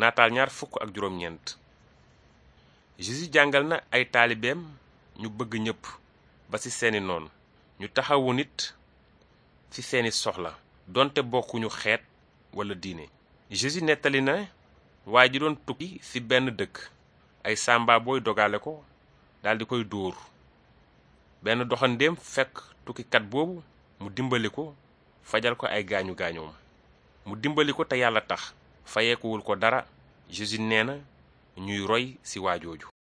naataal ñaar fukk ak juróom jàngal na ay taalibeem ñu bëgg ñépp ba ci seeni noon ñu taxawu nit ci seeni soxla doonte bokkuñu xeet walla diine Jésus nettali na waa ji doon tukki ci benn dëkk ay sàmba booy dogale ko daldi koy dóor benn doxandéem fekk tukkikat boobu mu dimbali ko fajal ko ay gaañu gaañoom mu dimbali ko te yàlla tax fayeekuwul ko dara Jésus nee na ñuy roy ci waajooju